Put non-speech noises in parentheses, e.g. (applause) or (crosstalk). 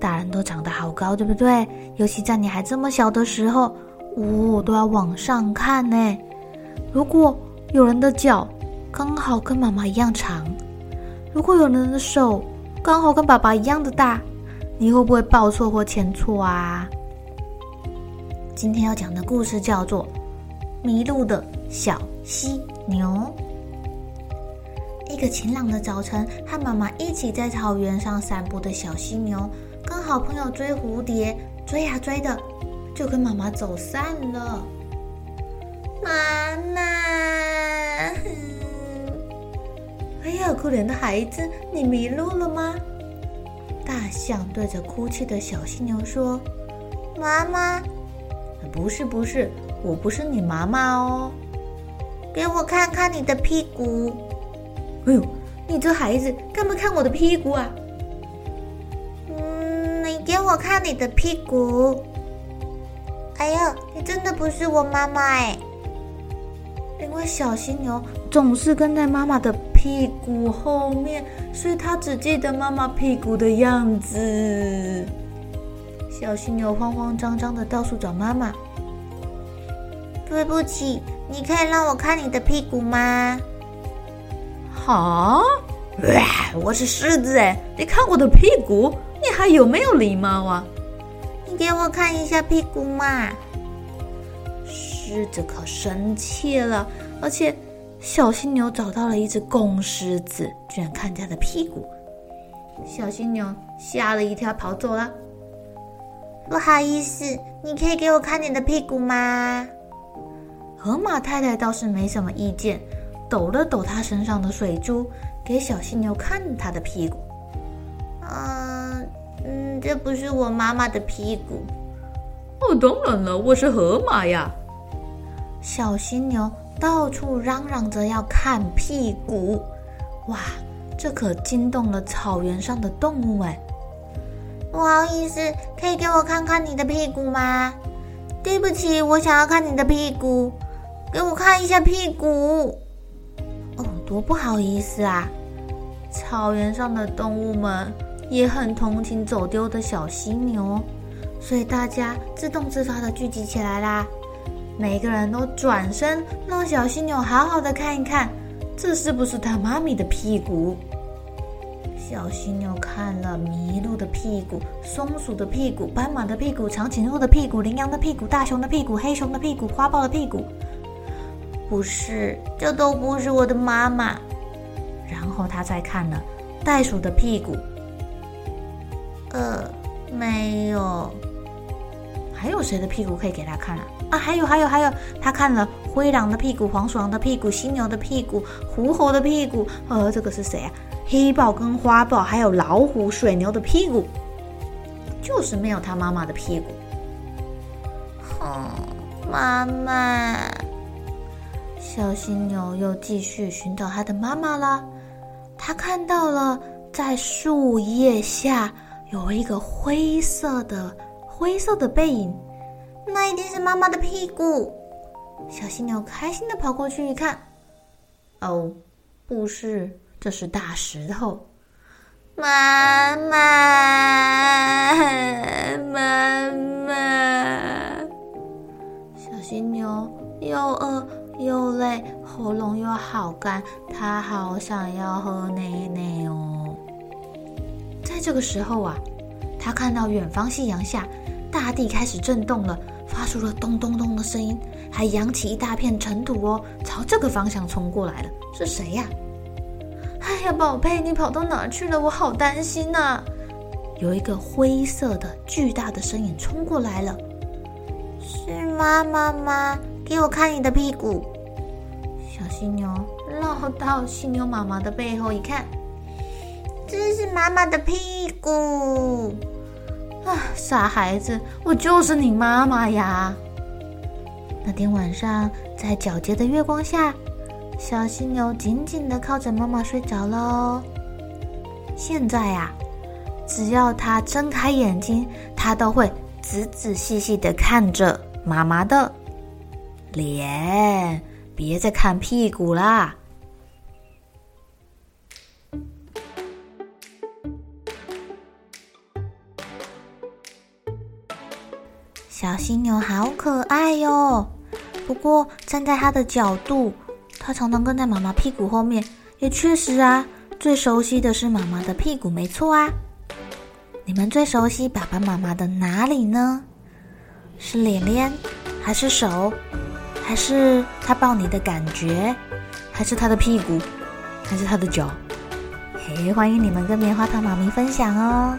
大人都長得好高，對不對？尤其在你還這麼小的時候，嗚、哦，都要往上看呢。如果有人的腳剛好跟媽媽一樣長，如果有人的手剛好跟爸爸一樣的大，你會不會抱錯或牽錯啊？今天要講的故事叫做《迷路的小犀牛》。一個晴朗的早晨，和媽媽一起在草原上散步的小犀牛。跟好朋友追蝴蝶，追呀、啊、追的，就跟媽媽走散了。媽媽呢， (laughs) 哎呀，可憐的孩子，你迷路了嗎？大象對着哭泣的小犀牛說：“媽媽，不是不是，我不是你媽媽哦。給我看看你的屁股。”哎呦，你這孩子，幹嘛看我的屁股啊？我看你的屁股。哎呀，你真的不是我媽媽哎！因為小犀牛總是跟在媽媽的屁股後面，所以他只記得媽媽屁股的樣子。小犀牛慌慌張張的到處找媽媽。對不起，你可以讓我看你的屁股嗎？好，喂，呃，我是獅子哎，你看我的屁股。他有沒有禮貌啊？你給我看一下屁股嘛！獅子可生氣了，而且小犀牛找到了一隻公獅子，居然看見他的屁股，小犀牛嚇了一跳，跑走了。不好意思，你可以給我看你的屁股嗎？河馬太太倒是沒什麼意見，抖了抖他身上的水珠，給小犀牛看他的屁股。這不是我媽媽的屁股。哦，當然了，我是河馬呀。小犀牛到處嚷嚷着要看屁股，哇，這可驚動了草原上的動物哎。不好意思，可以給我看看你的屁股嗎？對不起，我想要看你的屁股，給我看一下屁股。哦，多不好意思啊！草原上的動物們。也很同情走丟的小犀牛，所以大家自動自發地聚集起來啦。每個人都轉身讓小犀牛好好的看一看，這是不是他媽咪的屁股？小犀牛看了麋鹿的屁股、松鼠的屁股、斑馬的屁股、長頸鹿的屁股、羚羊的屁股、大熊的屁股、黑熊的屁股、花豹的屁股，不是，這都不是我的媽媽。然後他再看了袋鼠的屁股。呃，沒有，還有誰的屁股可以給他看啊？啊，還有還有還有，他看了灰狼的屁股、黃鼠狼的屁股、犀牛的屁股、狐猴的屁股。呃、哦，這個是誰啊？黑豹跟花豹，還有老虎、水牛的屁股，就是沒有他媽媽的屁股。哼，媽媽。小犀牛又繼續尋找他的媽媽了。他看到了，在樹葉下。有一個灰色的灰色的背影，那一定是媽媽的屁股。小犀牛開心地跑過去一看，哦，不是，這是大石頭。媽媽，媽媽。小犀牛又餓、呃、又累，喉嚨又好乾，它好想要喝奶奶哦。在這個時候啊，他看到遠方夕陽下，大地開始震動了，發出了咚咚咚的聲音，還揚起一大片塵土哦，朝這個方向衝過來了，是誰呀、啊？哎呀，寶貝，你跑到哪兒去了？我好擔心吶、啊！有一個灰色的巨大的身影衝過來了，是媽媽嗎？給我看你的屁股，小犀牛繞到犀牛媽媽的背後一看。這是媽媽的屁股啊，傻孩子，我就是你媽媽呀！那天晚上，在皎潔的月光下，小犀牛緊緊的靠着媽媽睡着嘍。現在呀、啊，只要它睜開眼睛，它都會仔仔細細的看着媽媽的臉，別再看屁股啦。小犀牛好可愛喲、哦，不過站在它的角度，它常常跟在媽媽屁股後面，也確實啊，最熟悉的是媽媽的屁股，沒錯啊。你們最熟悉爸爸媽媽的哪裡呢？是臉臉，還是手，還是他抱你的感覺，還是他的屁股，還是他的腳？嘿，歡迎你們跟棉花糖媽咪分享哦。